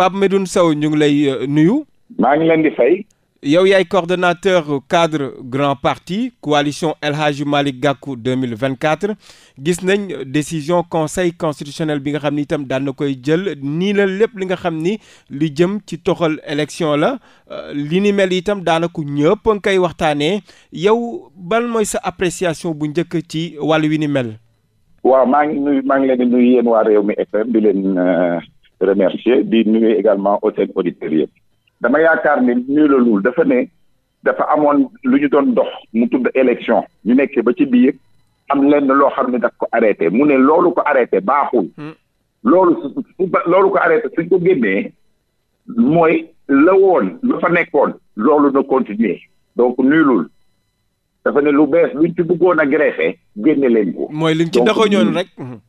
Pape Medoune Sow ñu ngi lay euh, nuyu. maa ngi leen di fay. yow yaay coordonnateur cadre grand parti coalition El Hadji Malick Gakou 2024 gis nañ décision conseil constitutionnel bi nga xam ni itam daan koy jël nii la lépp li nga xam ni li jëm ci toxal élection la euh, li ni mel itam daanako ñëpp a ngi koy waxtaanee yow ban mooy sa appréciation bu njëkk ci wàll wi ni mel. waaw maa ngi maa ngi leen di nuyu yéen waa Rewmi FM di leen. Euh, remercier di nuyu également au seen auditeurs yëpp dama yaakaar ni nuyu la loolu dafa ne dafa amoon lu ñu doon dox mu tudd élection ñu nekkee ba ci biir am lenn loo xam ne daf ko arrêté mu ne loolu ko arrêté baaxul hmm. loolu loolu ko arrêté suñ ko génnee mooy la woon lu fa nekkoon loolu na continuer donc nuyulul dafa ne lu bees luñ ci buggoon a greffé génne leen ko. mooy liñ ci daxoñoon rek. Hmm.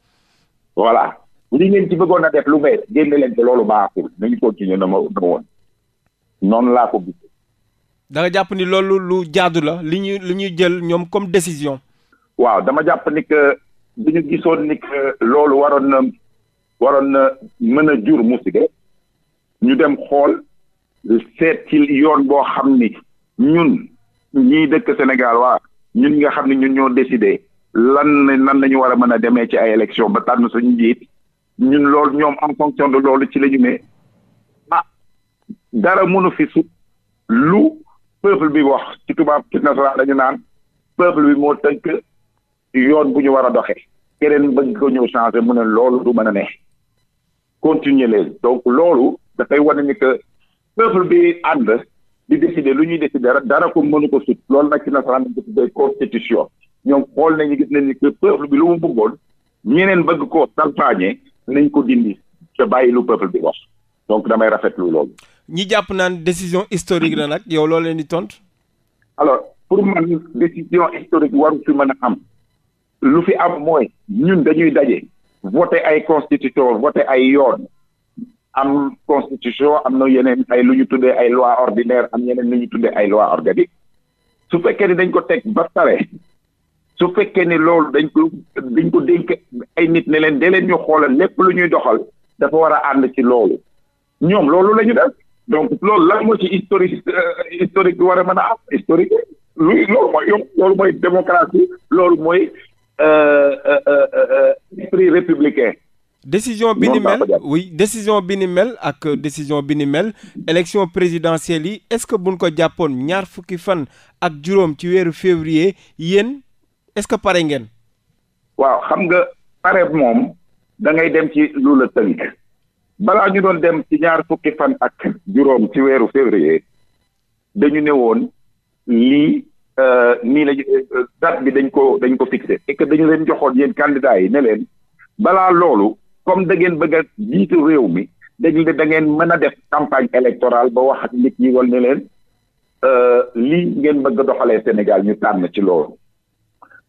voilà li ngeen ci bëggoon a def lu bees génne leen ci loolu baaxul nañu continuer na ma na woon noonu laa ko gisee. da jàpp ni loolu lu jaadu la li ñu li ñuy jël ñoom comme décision. waaw dama jàpp ni que bi ñu gisoon ni que loolu waroon na waroon na mën a jur musiba ñu dem xool seet ci yoon boo xam ni ñun ñii dëkk senegal waa ñun nga xam ne ñun ñoo décidé lan nan la ñu war a mën a demee ci ay élection ba tànn suñu njiit ñun loolu ñoom en fonction de loolu ci la ñu ne ah dara mënu fi su lu peuple bi wax ci tubaab ci nasaraan dañu naan peuple bi moo tënk yoon bu ñu war a doxee keneen bëgg ko ñëw changé mu ne loolu du mën a ne continuer leen donc loolu dafay wane ni que peuple bi ànd di décider lu ñuy décider dara ko mënu ko sut loolu nag ci nasaraan dañ ko tuddee constitution ñoom xool nañu gis nañ ni que peuple bi lu mu bëggoon ñeneen bëgg koo salfaañe nañ ko dindi te bàyyi lu peuple bi wax donc damay rafetlu loolu. ñi jàpp naan décision historique la nag yow loo leen di tontu. alors pour man décision historique waru fi mën a am lu fi am mooy ñun dañuy daje voté ay constitution voté ay yoon am constitution am na yeneen ay lu ñu tuddee ay loi ordinaire am yeneen lu ñu tuddee ay loi organique su fekkee ni dañ ko teg ba pare su fekkee ni loolu dañ ko dañ ko dénk ay nit ne leen de leen ñu xoolal lépp lu ñuy doxal dafa war a ànd ci loolu ñoom loolu lañu def donc loolu lan moo ci historique euh, historique bi war a mën a am historique lu loolu mooy yom loolu mooy démocratie loolu mooy euh, euh, décision bi ni mel oui décision bi ni mel ak décision bi ni mel élection présidentielle yi est-ce que buñ ko jàppoon ñaar fukki fan ak juróom ci weeru février yéen est-ce que pare ngeen. waaw xam nga pare moom dangay dem ci lu la tënk balaa ñu doon dem ci ñaar fukki fan ak juróom ci weeru février dañu ne woon lii euh, nii la date bi dañ ko dañ ko fixé et dañu leen joxoon yéen candidats yi ne leen balaa loolu comme da ngeen bëgg a jiitu réew mi dañu ne da ngeen mën a def campagne électorale ba wax ak nit ñi wal ne leen euh, lii ngeen bëgg a doxalee Sénégal ñu tànn ci loolu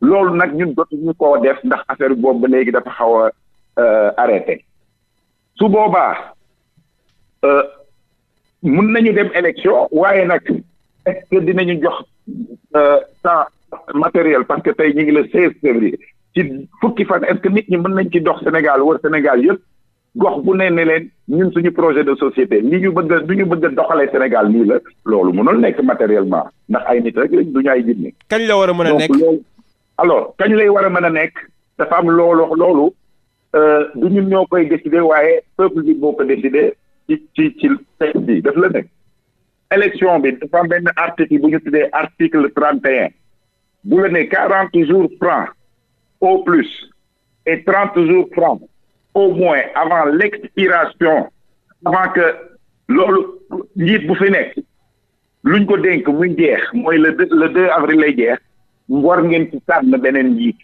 loolu nag ñun dootuñu ko def ndax affaire boobu ba léegi dafa xaw a euh, arrêté su boobaa euh, mun nañu dem élection waaye nag est-ce que dinañu jox euh, sa matériel parce que tey ñu ngi le 16 février ci fukki fan est nit ñi mën nañ ci dox Sénégal wër Sénégal yëpp gox bu ne ne leen ñun suñu projet de société ni ñu bëgg a ñu bëgg a Sénégal nii la loolu mënul nekk matériellement ndax ay nit rek lañ du ñu ay jinne la war a mën a nekk alors kañ lay war a mën a nekk dafa am loolu loolu euh, du ñun ñoo koy décider waaye peuple bi moo ko décider ci ci ci texte bi daf la nekk élection bi dafa am benn article bu ñu tuddee article trente et un bu la ne quarante jours francs au plus et trente jours francs au moins avant l'expiration avant que loolu njiit bu fi nekk luñ ko dénk muy jeex mooy le le deux avril lay jeex war ngeen ci tànn beneen njiit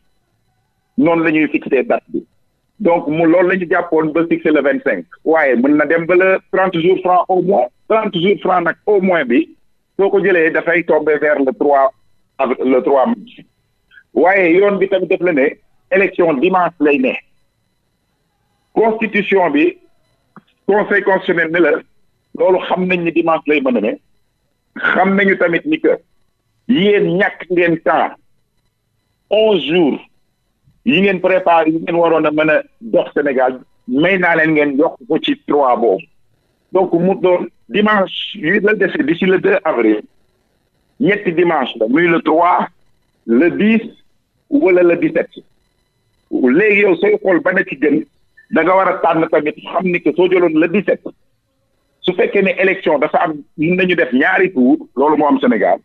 noonu la ñuy fixé date bi donc mu loolu la ñu jàppoon ba fixé le vingt cinq waaye mën na dem ba le trente jours franc au moins trente jours franc nag au moins bi soo ko jëlee dafay tombé vers le trois le trois mars waaye yoon bi tamit def la ne élection dimanche lay ne constitution bi conseil constitutionnel ne la loolu xam nañ ni dimanche lay mën a ne xam nañu tamit ni que yéen ñàkk ngeen temps onze jours yi ngeen préparé yi ngeen waroon a mën a dox Sénégal may naa leen ngeen yokk ko ci trois boobu donc mu doon dimanche yi la dese d'ici le deux avril ñetti dimanche la muy la trois le dix wala la dix-sept léegi yow sooy xool ba na ci gën da war a tànn tamit xam ni que soo jëloon le dix-sept su fekkee ne élection dafa am mën nañu def ñaari tour loolu moo am Sénégal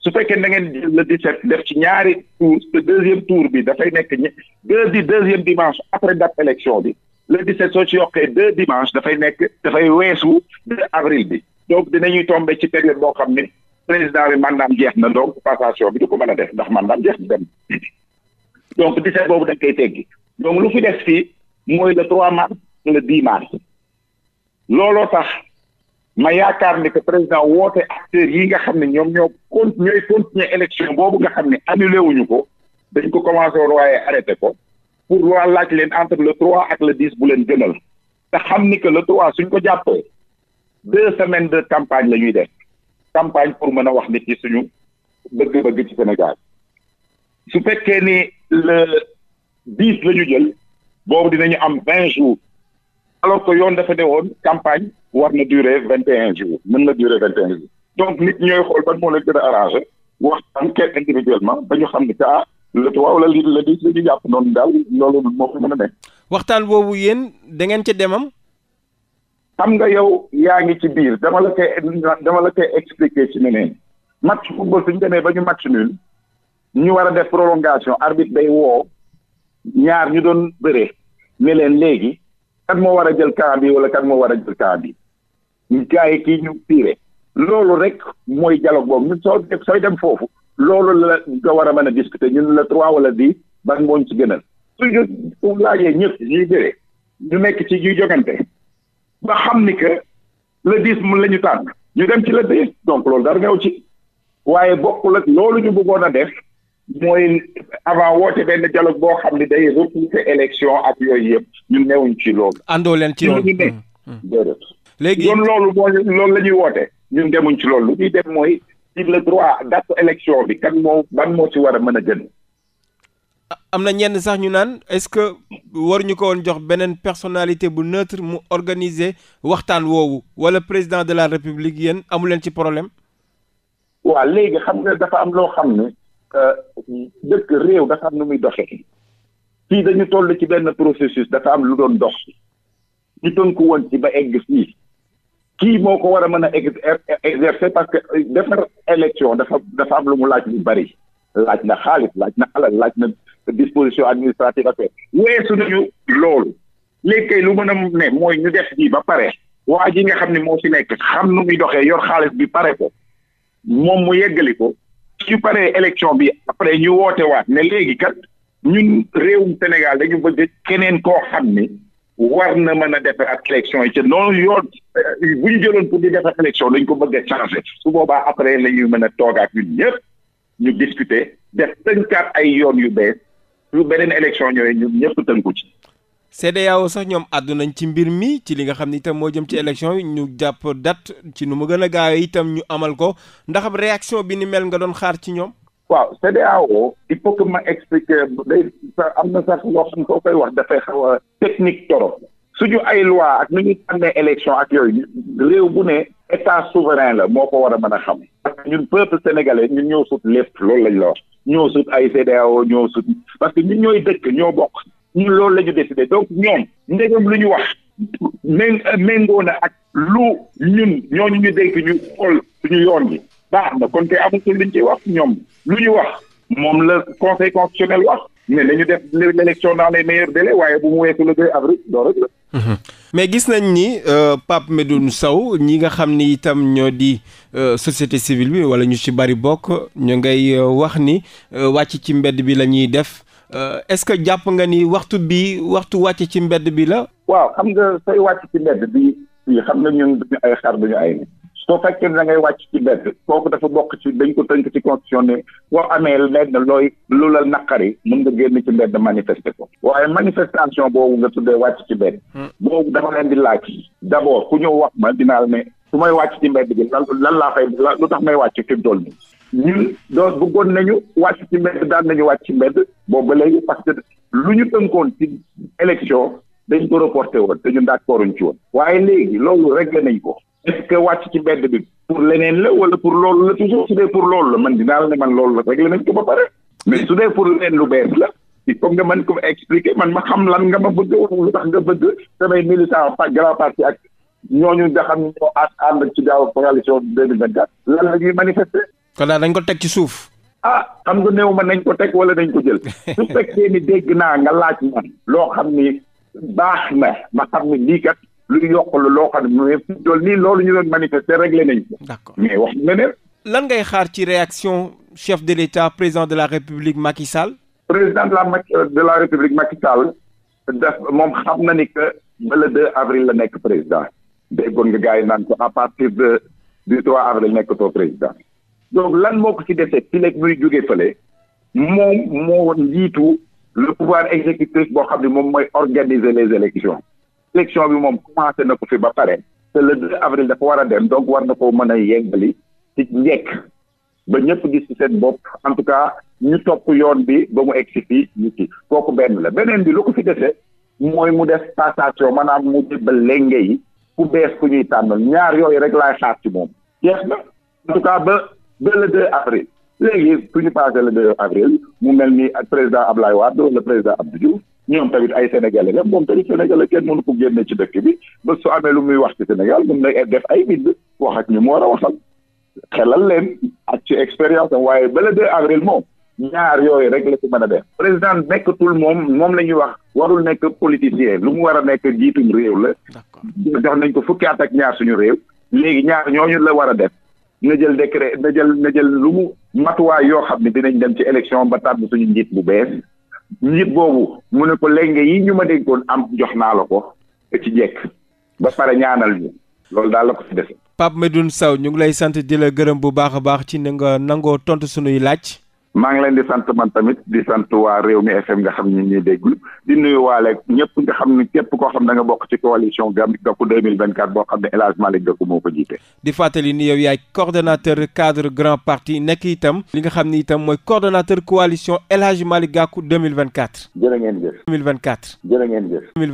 su fekkee da ngeen jël le 17 def ci ñaari tour te deuxième tour bi dafay nekk ñe deux di deuxième dimanche après date élection bi le 17 soo ci yokkee deux dimanche dafay nekk dafay weesu deux avril bi donc dinañuy tombe ci période boo xam ne président bi mandaam jeex na donc passation bi du ko mën a def ndax mandaam jeex na dem donc 17 boobu da nga koy teggi donc lu fi des fii mooy le trois mars le 10 mars looloo tax. ma yaakaar ni que président woote acteurs yi nga xam ne ñoom ñoo con ñooy continuer élection boobu nga xam ne annulé wuñu ko dañ ko commencé woon waaye arrêté ko pour waa laaj leen entre le trois ak le dix bu leen gënal te xam ni que le trois suñ ko jàppee deux semaines de campagne la ñuy def campagne pour mën a wax nit ñi suñu bëgg-bëgg ci Sénégal su fekkee ni le dix la ñu jël boobu dinañu am vingt jours alors que yoon dafa ne woon campagne war na durer vingt et un jours mën na durer vingt un jours donc nit ñooy xool ban moo leen gën a arrangé waxtaan kenn individuellement ba ñu xam ne ah le trois wala li le dix la ñu jàpp noonu daal loolu moo ko mën a ne. waxtaan boobu yéen da ngeen ca demam. xam nga yow yaa ngi ci biir dama la koy dama la koy expliquer ci neneen match football suñu demee ba ñu match nul ñu war a def prolongation arbitre day woo ñaar ñu doon bëre ne leen léegi kan moo war a jël cas bi wala kan moo war a jël cas bi ñu jaayee kii ñu tiire loolu rek mooy dialogue boobu ñun soo sooy dem foofu loolu la nga war a mën a discuter ñun la trois wala dix ban moo ñu ci gënal suñu laajee ñëpp ñuy jëlee ñu nekk ci ñuy jogante ba xam ni que le dix mun lañu ñu tànn ñu dem ci la dix donc loolu dara ñëw ci waaye bokkul ak loolu ñu bëggoon a def. mooy avant woote benn dialogue boo xam ne day repousser élection ak yooyu yëpp ñun newuñ ci loolu. àndoo leen ci loolu hmm. léegi kon loolu mooy loolu la ñuy woote ñun demuñ ci loolu lu ñuy dem mooy ci le droit date élection bi kan moom ban moo ci war a mën a gën. am na ñenn sax ñu naan est-ce que waruñu ko woon jox beneen personnalité bu neutre mu organiser waxtaan woowu walla président de la république yéen amu leen ci problème. waaw léegi xam nga dafa am loo xam ne. dëkk réew dafa am nu muy doxee fii dañu toll ci benn processus dafa am lu doon dox ñu tënku woon ci ba egg fii kii moo ko war a mën a exercer parce que defar élection dafa dafa am lu mu laaj lu bari laaj na xaalis laaj na alal laaj na disposition administrative affaire weesu nañu loolu léegi lu mën a ne mooy ñu def ji ba pare waa ji nga xam ne moo fi nekk xam nu muy doxee yor xaalis bi pare ko moom mu yeggali ko su ñu paree élection bi après ñu woote waat ne léegi kat ñun réewum Sénégal dañu bëgg keneen koo xam ni war na mën a defar ak élection yi ca noonu yoon euh, bu ñu jëloon pour di defar élection dañ ko bëgg a su boobaa après la ñuy mën a toogaat ñun ñëpp ñu discuter def tënkaat ay yoon yu bees yu beneen élection ñooyu ñun ñëpp tënku ci CEDEAO sax ñoom àddu nañ ci mbir mi ci li nga xam ni itam moo jëm ci élection yi ñu jàpp date ci nu mu gën a itam ñu amal ko ndax am réaction bi ni mel nga doon xaar ci ñoom. waaw CEDEAO il faut que ma expliquer day am na sax loo xam soo koy wax dafay xaw suñu ay loi ak nu ñuy tànnee élection ak yooyu réew bu ne état souverain la moo ko war a mën a xam parce que ñun peuple sénégalais ñun ñoo sut lépp loolu lañ la wax ñoo sut ay CEDEAO ñoo sut parce que ñun ñooy dëkk ñoo bokk ñun loolu la ñu décidé donc ñoom ndegam lu ñu wax mén méngoo na ak lu ñun ñoo ñu dégg ñu xool suñu yoon bi baax na kon te amatul liñ ciy wax ñoom lu ñu wax moom la conseil constitutionnel wax ne nañu def l'élection dans les meilleurs délais waaye bu mu weesu le 2 avril doo rek la mhm. mais gis nañ ni euh, Pape Medoune Sow ñi nga xam ni itam ñoo di euh, société civile bi wala ñu ci bari bokk ñu ngay euh, wax ni wàcc ci mbedd bi la ñuy def Euh, est-ce que jàpp nga ni waxtu bii waxtu wàcc ci mbedd bi la. waaw xam nga sooy wàcc ci mbedd bi xam nga ñun duñu ay xar ñu ay. soo fekkee ne da ngay wàcc ci mbedd kooku dafa bokk ci dañ ko tënk ci constitution ne boo amee lenn looy lu la naqari mën nga génn ci mbedd manifester ko waaye manifestation boobu nga tuddee wàcc ci mbedd hmm. boobu dama leen di laaj d'abord ku ñëw wax ma dinaa ne su may wàcc ci mbedd bi lan lan laa fay lu tax may wàcc fi mu toll nii doon bëggoon nañu wàcc ci mbedd daan nañu wàcc ci mbedd boobu ba léegi parce que lu ñu tënkoon ci élection dañ ko reporté woon te ñun d'accord uñ ci woon waaye léegi loolu réglé nañ ko est wàcc ci mbedd bi pour leneen la wala pour loolu la toujours su dee pour loolu la man dinaa la ne man loolu la réglé nañ ko ba pare mais su dee pour leneen lu bees la il faut nga mën ko expliquer man ma xam lan nga ma bëgg wax lu tax nga bëgg samay militant grand ak ñooñu nga xam ne ñoo ànd ci daaw coalition deux mille vingt la ñuy manifester. kon daal dañ ko teg ci suuf. ah xam nga néew ma nañ ko teg wala nañ ko jël su dégg naa nga laaj man loo xam ni baax na ma xam ne lii kat lu yokk la loo xam ne fi dool nii loolu ñu doon manifester réglé nañ ko. d'accord mais wax nga ci réaction chef de l'État président de la République Macky Sall. président de la euh, de la République Macky Sall daf moom xam na ni que ba le 2 avril la nekk président. déggoon nga gars yi naan ko à partir de du 3 avril nekkatoo président donc lan moo ko ci defee fi léegi muy jógee fële moom moo njiitu le pouvoir exécutif boo xam ne moom mooy organiser les élections élection bi moom commencé na ko fi ba pare te le 2 avril dafa war a dem donc war na ko mën a yeggali ci njëkk ba ñëpp gis ci seen bopp en tout cas ñu topp yoon bi ba mu egsi fii yi ci kooku benn la beneen bi lu ko fi defee mooy mu def passation maanaam mu jébbal lenge yi ku bees ku ñuy tànnal ñaar yooyu rek laay xaar ci moom jeex na en tout cas ba ba le 2 avril léegi su ñu passé le 2 avril mu mel ni ak président Ablaye Wade wala président Abdou Diouf ñoom tamit ay sénégalais la moom tamit sénégalais kenn mënu ko génne ci dëkk bi ba su amee lu muy wax ci Sénégal mun na def ay bind wax ak ñu mu war a waxal xelal leen ak ci expérience am waaye ba le 2 avril moom. ñaar yooyu rek la ci mën a def président nekkatul moom moom la ñuy wax warul nekk politicien lu mu war a nekk jiitum réew la jox nañ ko fukki at ak ñaar suñu réew léegi ñaar ñooñu la war a def na jël décret na jël na jël lu mu matuwaay yoo xam ne dinañ dem ci élection ba tànn suñu njiit bu bees njiit boobu mu ne ko lenge yi ñu ma dénkoon am jox naa la ko ci jekk ba pare ñaanal ñu loolu daal la ko fi dese Pape Medoune saw ñu ngi lay sant di la gërëm bu baax a baax ci ni nga nangoo tontu suñuy laaj maa ngi leen di sant man tamit di sant waa réew mi FM nga xam ni ñuy déglu di nuyuwaale ñëpp nga xam ni képp koo xam da nga bokk ci coalition Gakou 2024 boo xam ne El Hadj Malick Gakou moo ko jiite. di fàttali ni yow yaay coordonnateur cadre grand parti nekk itam. li nga xam ni itam mooy coordonnateur coalition El Hadj Malick Gakou 2024. jërë ngeen jëf. 2024. jërë ngeen